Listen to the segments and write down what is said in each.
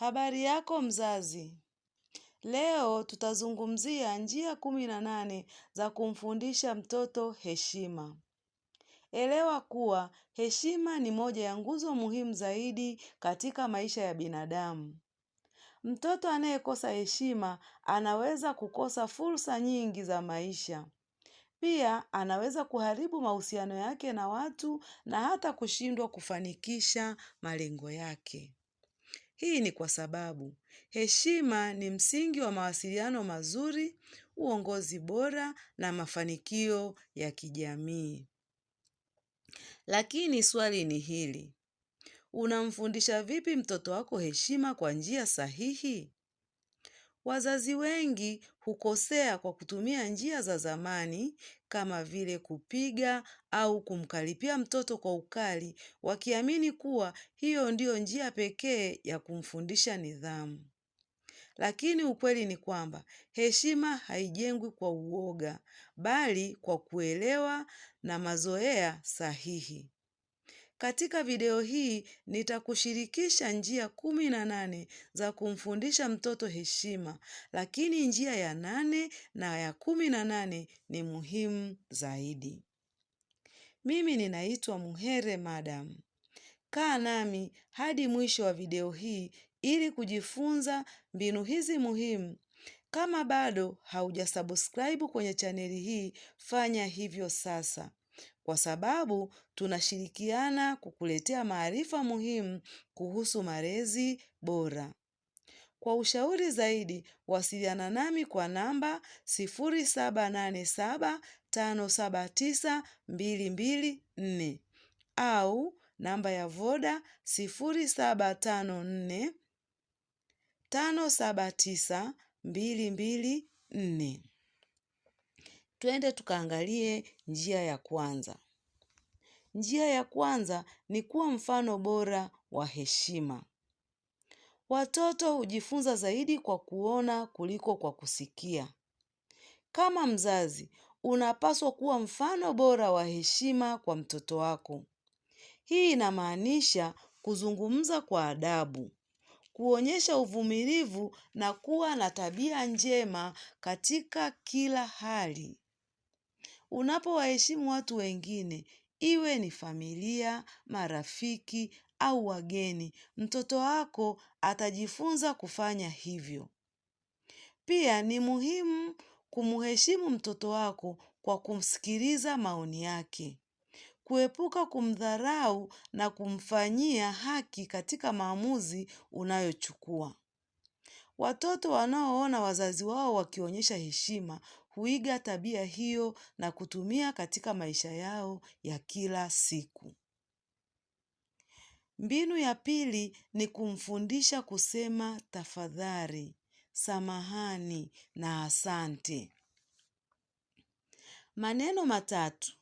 Habari yako mzazi. Leo tutazungumzia njia kumi na nane za kumfundisha mtoto heshima. Elewa kuwa heshima ni moja ya nguzo muhimu zaidi katika maisha ya binadamu. Mtoto anayekosa heshima anaweza kukosa fursa nyingi za maisha. Pia anaweza kuharibu mahusiano yake na watu na hata kushindwa kufanikisha malengo yake. Hii ni kwa sababu heshima ni msingi wa mawasiliano mazuri, uongozi bora na mafanikio ya kijamii. Lakini swali ni hili, unamfundisha vipi mtoto wako heshima kwa njia sahihi? Wazazi wengi hukosea kwa kutumia njia za zamani kama vile kupiga au kumkaripia mtoto kwa ukali, wakiamini kuwa hiyo ndiyo njia pekee ya kumfundisha nidhamu. Lakini ukweli ni kwamba heshima haijengwi kwa uoga, bali kwa kuelewa na mazoea sahihi. Katika video hii nitakushirikisha njia kumi na nane za kumfundisha mtoto heshima, lakini njia ya nane na ya kumi na nane ni muhimu zaidi. Mimi ninaitwa Muhere Madam. Kaa nami hadi mwisho wa video hii ili kujifunza mbinu hizi muhimu. Kama bado haujasubscribe kwenye chaneli hii, fanya hivyo sasa kwa sababu tunashirikiana kukuletea maarifa muhimu kuhusu malezi bora. Kwa ushauri zaidi, wasiliana nami kwa namba 0787579224 au namba ya Voda 0754 579 Twende tukaangalie njia ya kwanza. Njia ya kwanza ni kuwa mfano bora wa heshima. Watoto hujifunza zaidi kwa kuona kuliko kwa kusikia. Kama mzazi, unapaswa kuwa mfano bora wa heshima kwa mtoto wako. Hii inamaanisha kuzungumza kwa adabu, kuonyesha uvumilivu na kuwa na tabia njema katika kila hali. Unapowaheshimu watu wengine, iwe ni familia, marafiki au wageni, mtoto wako atajifunza kufanya hivyo. Pia ni muhimu kumheshimu mtoto wako kwa kumsikiliza maoni yake. Kuepuka kumdharau na kumfanyia haki katika maamuzi unayochukua. Watoto wanaoona wazazi wao wakionyesha heshima huiga tabia hiyo na kutumia katika maisha yao ya kila siku. Mbinu ya pili ni kumfundisha kusema tafadhali, samahani na asante. Maneno matatu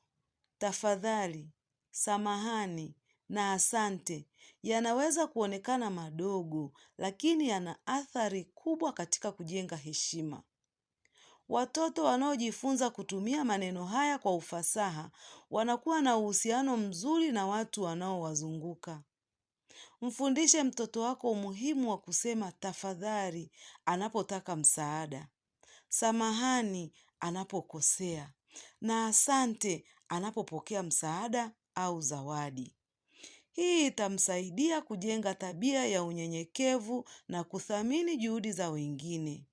tafadhali, samahani na asante yanaweza kuonekana madogo, lakini yana athari kubwa katika kujenga heshima. Watoto wanaojifunza kutumia maneno haya kwa ufasaha wanakuwa na uhusiano mzuri na watu wanaowazunguka. Mfundishe mtoto wako umuhimu wa kusema tafadhali anapotaka msaada, samahani anapokosea, na asante anapopokea msaada au zawadi. Hii itamsaidia kujenga tabia ya unyenyekevu na kuthamini juhudi za wengine.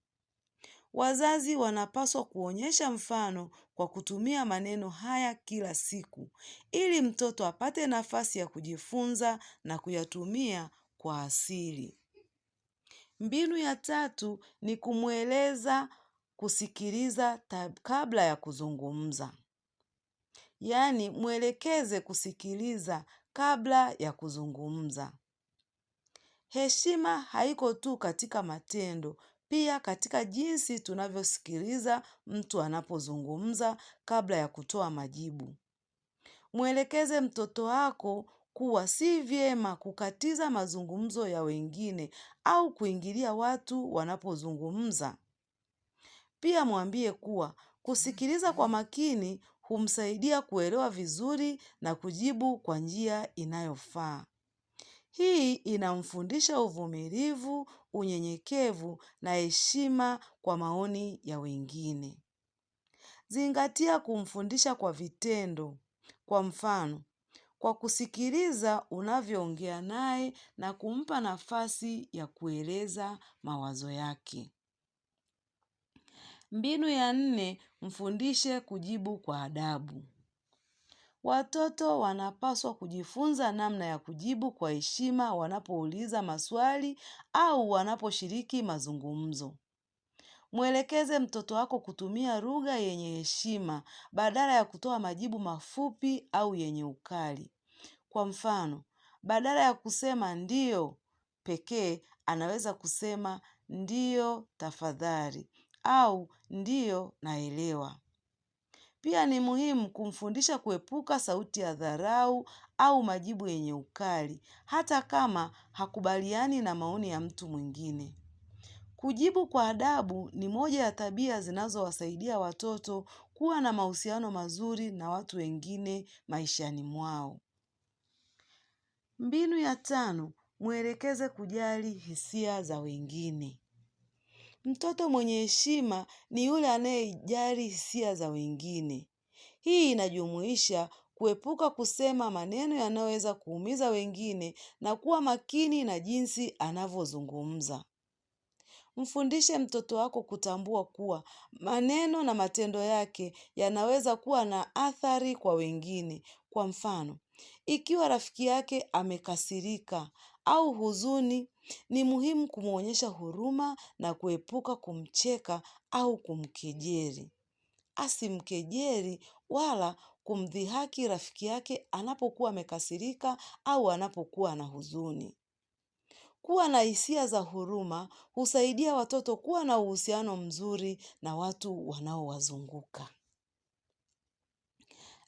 Wazazi wanapaswa kuonyesha mfano kwa kutumia maneno haya kila siku ili mtoto apate nafasi ya kujifunza na kuyatumia kwa asili. Mbinu ya tatu ni kumweleza kusikiliza kabla ya kuzungumza. Yaani mwelekeze kusikiliza kabla ya kuzungumza. Heshima haiko tu katika matendo pia katika jinsi tunavyosikiliza mtu anapozungumza kabla ya kutoa majibu. Mwelekeze mtoto wako kuwa si vyema kukatiza mazungumzo ya wengine au kuingilia watu wanapozungumza. Pia mwambie kuwa kusikiliza kwa makini humsaidia kuelewa vizuri na kujibu kwa njia inayofaa. Hii inamfundisha uvumilivu, unyenyekevu na heshima kwa maoni ya wengine. Zingatia kumfundisha kwa vitendo. Kwa mfano, kwa kusikiliza unavyoongea naye na kumpa nafasi ya kueleza mawazo yake. Mbinu ya nne, mfundishe kujibu kwa adabu. Watoto wanapaswa kujifunza namna ya kujibu kwa heshima wanapouliza maswali au wanaposhiriki mazungumzo. Mwelekeze mtoto wako kutumia lugha yenye heshima badala ya kutoa majibu mafupi au yenye ukali. Kwa mfano, badala ya kusema ndiyo pekee, anaweza kusema ndiyo tafadhali au ndiyo naelewa. Pia ni muhimu kumfundisha kuepuka sauti ya dharau au majibu yenye ukali, hata kama hakubaliani na maoni ya mtu mwingine. Kujibu kwa adabu ni moja ya tabia zinazowasaidia watoto kuwa na mahusiano mazuri na watu wengine maishani mwao. Mbinu ya tano, mwelekeze kujali hisia za wengine. Mtoto mwenye heshima ni yule anayejali hisia za wengine. Hii inajumuisha kuepuka kusema maneno yanayoweza kuumiza wengine na kuwa makini na jinsi anavyozungumza. Mfundishe mtoto wako kutambua kuwa maneno na matendo yake yanaweza kuwa na athari kwa wengine. Kwa mfano, ikiwa rafiki yake amekasirika au huzuni ni muhimu kumwonyesha huruma na kuepuka kumcheka au kumkejeri asimkejeri wala kumdhihaki rafiki yake anapokuwa amekasirika au anapokuwa na huzuni. Kuwa na hisia za huruma husaidia watoto kuwa na uhusiano mzuri na watu wanaowazunguka.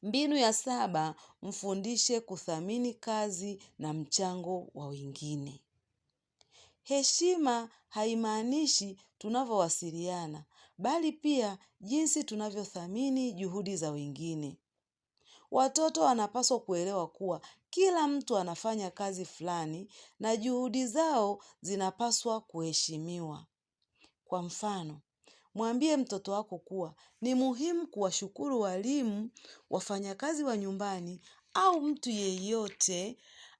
Mbinu ya saba, mfundishe kuthamini kazi na mchango wa wengine. Heshima haimaanishi tunavyowasiliana, bali pia jinsi tunavyothamini juhudi za wengine. Watoto wanapaswa kuelewa kuwa kila mtu anafanya kazi fulani na juhudi zao zinapaswa kuheshimiwa. Kwa mfano, mwambie mtoto wako kuwa ni muhimu kuwashukuru walimu, wafanyakazi wa nyumbani au mtu yeyote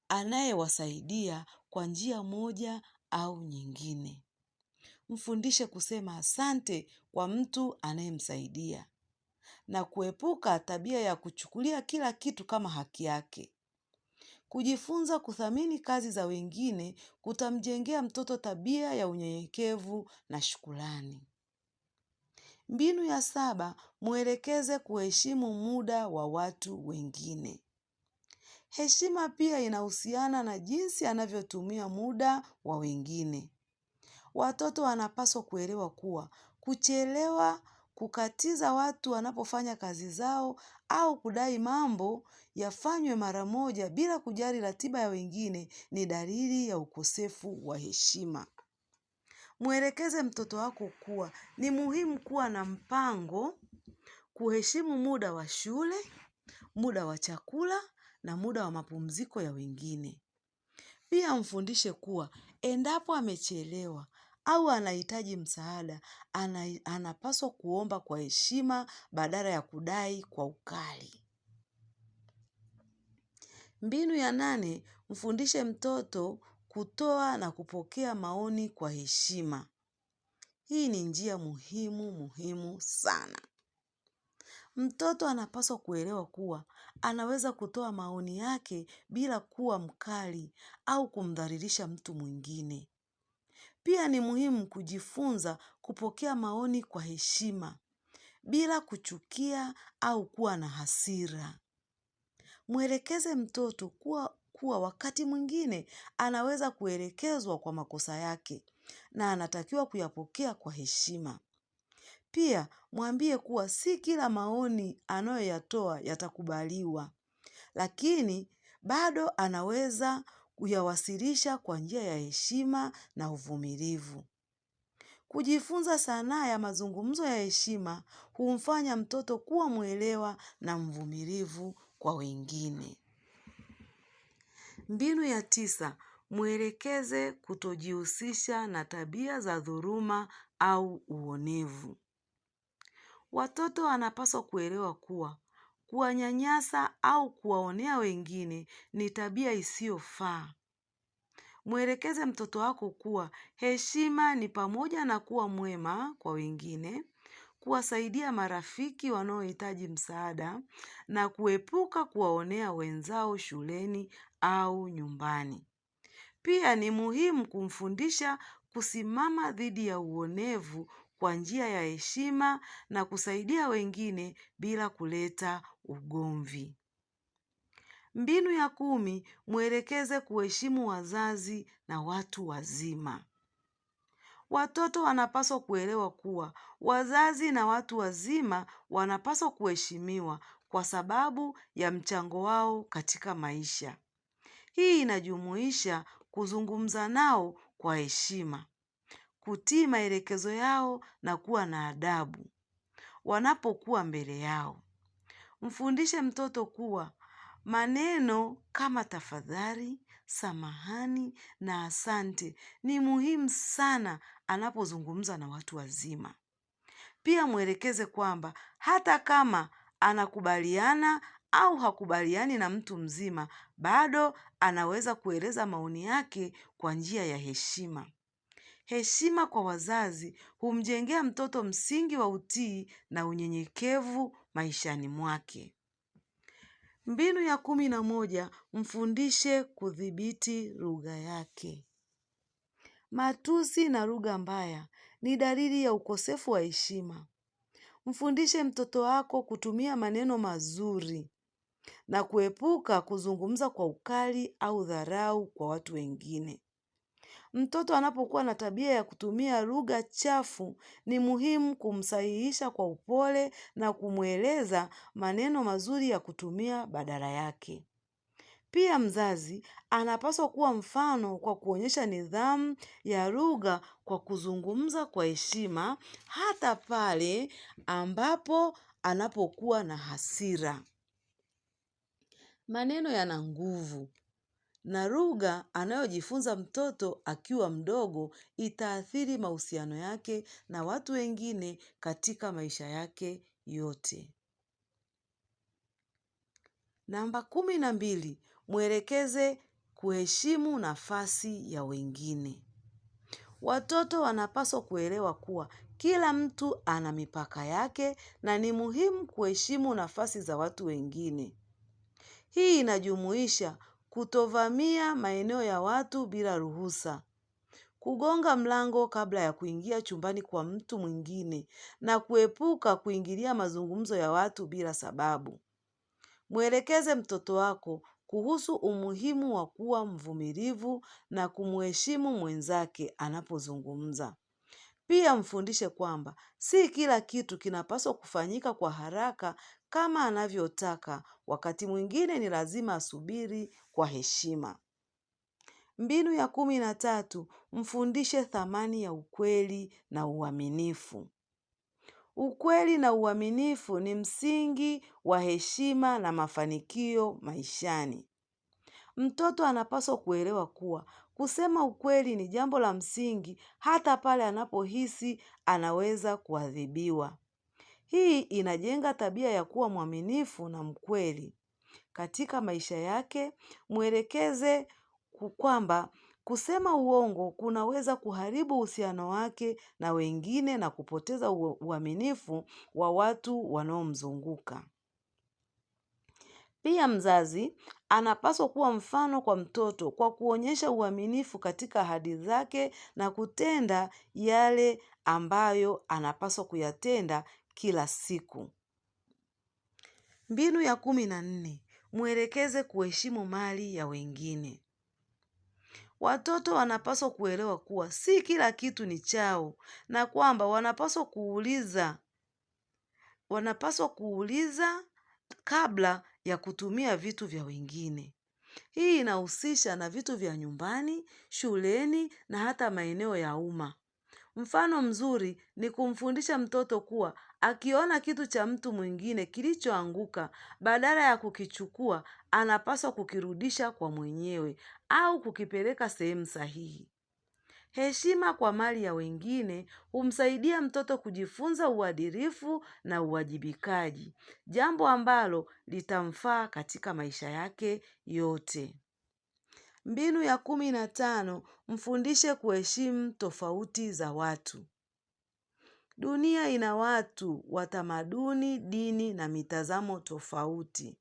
anayewasaidia kwa njia moja au nyingine. Mfundishe kusema asante kwa mtu anayemsaidia na kuepuka tabia ya kuchukulia kila kitu kama haki yake. Kujifunza kuthamini kazi za wengine kutamjengea mtoto tabia ya unyenyekevu na shukulani. Mbinu ya saba, mwelekeze kuheshimu muda wa watu wengine. Heshima pia inahusiana na jinsi anavyotumia muda wa wengine. Watoto wanapaswa kuelewa kuwa kuchelewa, kukatiza watu wanapofanya kazi zao au kudai mambo yafanywe mara moja bila kujali ratiba ya wengine ni dalili ya ukosefu wa heshima. Mwelekeze mtoto wako kuwa ni muhimu kuwa na mpango, kuheshimu muda wa shule, muda wa chakula na muda wa mapumziko ya wengine. Pia mfundishe kuwa endapo amechelewa au anahitaji msaada, anapaswa kuomba kwa heshima badala ya kudai kwa ukali. Mbinu ya nane, mfundishe mtoto kutoa na kupokea maoni kwa heshima. Hii ni njia muhimu muhimu sana. Mtoto anapaswa kuelewa kuwa anaweza kutoa maoni yake bila kuwa mkali au kumdhalilisha mtu mwingine. Pia ni muhimu kujifunza kupokea maoni kwa heshima bila kuchukia au kuwa na hasira. Mwelekeze mtoto kuwa kuwa wakati mwingine anaweza kuelekezwa kwa makosa yake na anatakiwa kuyapokea kwa heshima. Pia mwambie kuwa si kila maoni anayoyatoa yatakubaliwa, lakini bado anaweza kuyawasilisha kwa njia ya heshima na uvumilivu. Kujifunza sanaa ya mazungumzo ya heshima humfanya mtoto kuwa mwelewa na mvumilivu kwa wengine. Mbinu ya tisa, mwelekeze kutojihusisha na tabia za dhuruma au uonevu. Watoto wanapaswa kuelewa kuwa kuwanyanyasa au kuwaonea wengine ni tabia isiyofaa. Mwelekeze mtoto wako kuwa heshima ni pamoja na kuwa mwema kwa wengine, kuwasaidia marafiki wanaohitaji msaada na kuepuka kuwaonea wenzao shuleni au nyumbani. Pia ni muhimu kumfundisha kusimama dhidi ya uonevu kwa njia ya heshima na kusaidia wengine bila kuleta ugomvi. Mbinu ya kumi, mwelekeze kuheshimu wazazi na watu wazima. Watoto wanapaswa kuelewa kuwa wazazi na watu wazima wanapaswa kuheshimiwa kwa sababu ya mchango wao katika maisha. Hii inajumuisha kuzungumza nao kwa heshima, kutii maelekezo yao na kuwa na adabu wanapokuwa mbele yao. Mfundishe mtoto kuwa maneno kama tafadhali, samahani na asante ni muhimu sana anapozungumza na watu wazima. Pia mwelekeze kwamba hata kama anakubaliana au hakubaliani na mtu mzima, bado anaweza kueleza maoni yake kwa njia ya heshima. Heshima kwa wazazi humjengea mtoto msingi wa utii na unyenyekevu maishani mwake. Mbinu ya kumi na moja, mfundishe kudhibiti lugha yake. Matusi na lugha mbaya ni dalili ya ukosefu wa heshima. Mfundishe mtoto wako kutumia maneno mazuri na kuepuka kuzungumza kwa ukali au dharau kwa watu wengine. Mtoto anapokuwa na tabia ya kutumia lugha chafu ni muhimu kumsahihisha kwa upole na kumweleza maneno mazuri ya kutumia badala yake. Pia mzazi anapaswa kuwa mfano kwa kuonyesha nidhamu ya lugha kwa kuzungumza kwa heshima hata pale ambapo anapokuwa na hasira. Maneno yana nguvu na lugha anayojifunza mtoto akiwa mdogo itaathiri mahusiano yake na watu wengine katika maisha yake yote. Namba kumi na mbili, mwelekeze kuheshimu nafasi ya wengine. Watoto wanapaswa kuelewa kuwa kila mtu ana mipaka yake na ni muhimu kuheshimu nafasi za watu wengine. Hii inajumuisha kutovamia maeneo ya watu bila ruhusa, kugonga mlango kabla ya kuingia chumbani kwa mtu mwingine na kuepuka kuingilia mazungumzo ya watu bila sababu. Mwelekeze mtoto wako kuhusu umuhimu wa kuwa mvumilivu na kumheshimu mwenzake anapozungumza. Pia mfundishe kwamba si kila kitu kinapaswa kufanyika kwa haraka kama anavyotaka. Wakati mwingine ni lazima asubiri kwa heshima. Mbinu ya kumi na tatu, mfundishe thamani ya ukweli na uaminifu. Ukweli na uaminifu ni msingi wa heshima na mafanikio maishani. Mtoto anapaswa kuelewa kuwa Kusema ukweli ni jambo la msingi hata pale anapohisi anaweza kuadhibiwa. Hii inajenga tabia ya kuwa mwaminifu na mkweli. Katika maisha yake, mwelekeze kwamba kusema uongo kunaweza kuharibu uhusiano wake na wengine na kupoteza uaminifu wa watu wanaomzunguka. Pia mzazi anapaswa kuwa mfano kwa mtoto kwa kuonyesha uaminifu katika ahadi zake na kutenda yale ambayo anapaswa kuyatenda kila siku. Mbinu ya kumi na nne, mwelekeze kuheshimu mali ya wengine. Watoto wanapaswa kuelewa kuwa si kila kitu ni chao na kwamba wanapaswa kuuliza wanapaswa kuuliza kabla ya kutumia vitu vya wengine. Hii inahusisha na vitu vya nyumbani, shuleni na hata maeneo ya umma. Mfano mzuri ni kumfundisha mtoto kuwa akiona kitu cha mtu mwingine kilichoanguka, badala ya kukichukua, anapaswa kukirudisha kwa mwenyewe au kukipeleka sehemu sahihi. Heshima kwa mali ya wengine humsaidia mtoto kujifunza uadilifu na uwajibikaji, jambo ambalo litamfaa katika maisha yake yote. Mbinu ya kumi na tano, mfundishe kuheshimu tofauti za watu. Dunia ina watu wa tamaduni, dini na mitazamo tofauti.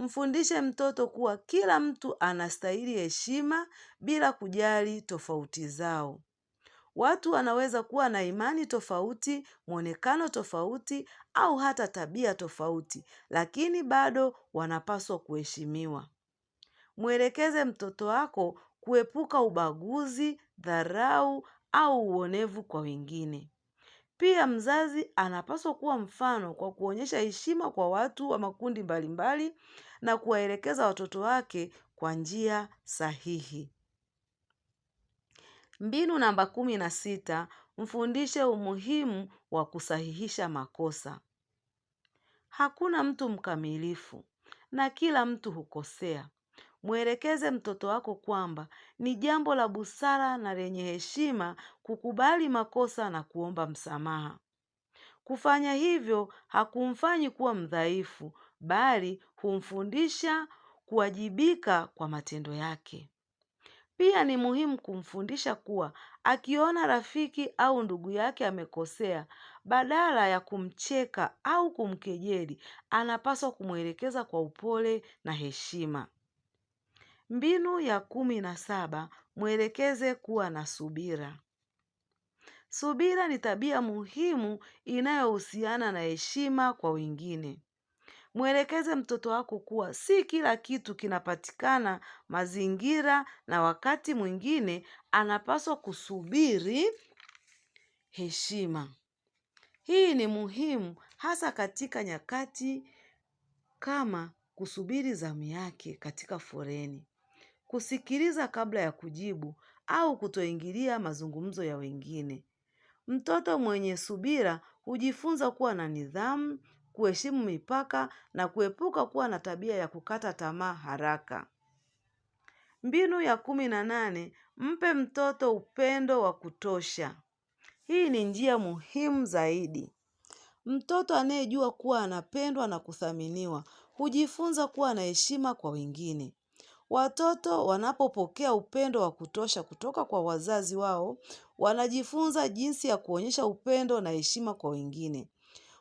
Mfundishe mtoto kuwa kila mtu anastahili heshima bila kujali tofauti zao. Watu wanaweza kuwa na imani tofauti, mwonekano tofauti au hata tabia tofauti, lakini bado wanapaswa kuheshimiwa. Mwelekeze mtoto wako kuepuka ubaguzi, dharau au uonevu kwa wengine. Pia mzazi anapaswa kuwa mfano kwa kuonyesha heshima kwa watu wa makundi mbalimbali na kuwaelekeza watoto wake kwa njia sahihi. Mbinu namba kumi na sita: mfundishe umuhimu wa kusahihisha makosa. Hakuna mtu mkamilifu na kila mtu hukosea. Mwelekeze mtoto wako kwamba ni jambo la busara na lenye heshima kukubali makosa na kuomba msamaha. Kufanya hivyo hakumfanyi kuwa mdhaifu, bali humfundisha kuwajibika kwa matendo yake. Pia ni muhimu kumfundisha kuwa akiona rafiki au ndugu yake amekosea, badala ya kumcheka au kumkejeli, anapaswa kumwelekeza kwa upole na heshima. Mbinu ya kumi na saba: mwelekeze kuwa na subira. Subira ni tabia muhimu inayohusiana na heshima kwa wengine. Mwelekeze mtoto wako kuwa si kila kitu kinapatikana mazingira na wakati mwingine anapaswa kusubiri heshima. Hii ni muhimu hasa katika nyakati kama kusubiri zamu yake katika foleni, kusikiliza kabla ya kujibu au kutoingilia mazungumzo ya wengine. Mtoto mwenye subira hujifunza kuwa na nidhamu kuheshimu mipaka na kuepuka kuwa na tabia ya kukata tamaa haraka. Mbinu ya kumi na nane, mpe mtoto upendo wa kutosha. Hii ni njia muhimu zaidi. Mtoto anayejua kuwa anapendwa na kuthaminiwa hujifunza kuwa na heshima kwa wengine. Watoto wanapopokea upendo wa kutosha kutoka kwa wazazi wao, wanajifunza jinsi ya kuonyesha upendo na heshima kwa wengine.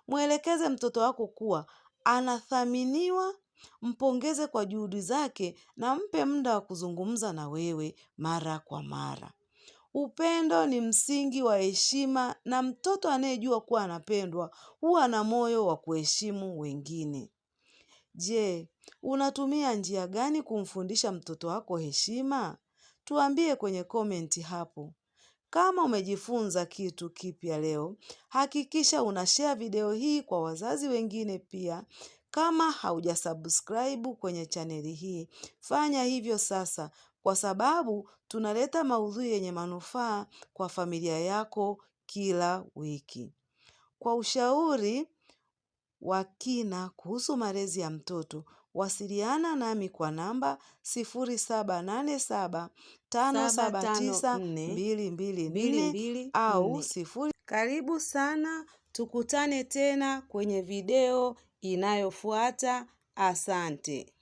Mwelekeze mtoto wako kuwa anathaminiwa, mpongeze kwa juhudi zake na mpe muda wa kuzungumza na wewe mara kwa mara. Upendo ni msingi wa heshima na mtoto anayejua kuwa anapendwa huwa na moyo wa kuheshimu wengine. Je, unatumia njia gani kumfundisha mtoto wako heshima? Tuambie kwenye komenti hapo. Kama umejifunza kitu kipya leo, hakikisha unashare video hii kwa wazazi wengine pia. Kama haujasubscribe kwenye chaneli hii, fanya hivyo sasa kwa sababu tunaleta maudhui yenye manufaa kwa familia yako kila wiki. Kwa ushauri wa kina kuhusu malezi ya mtoto, Wasiliana nami kwa namba 0787579224 au sifuri. Karibu sana, tukutane tena kwenye video inayofuata. Asante.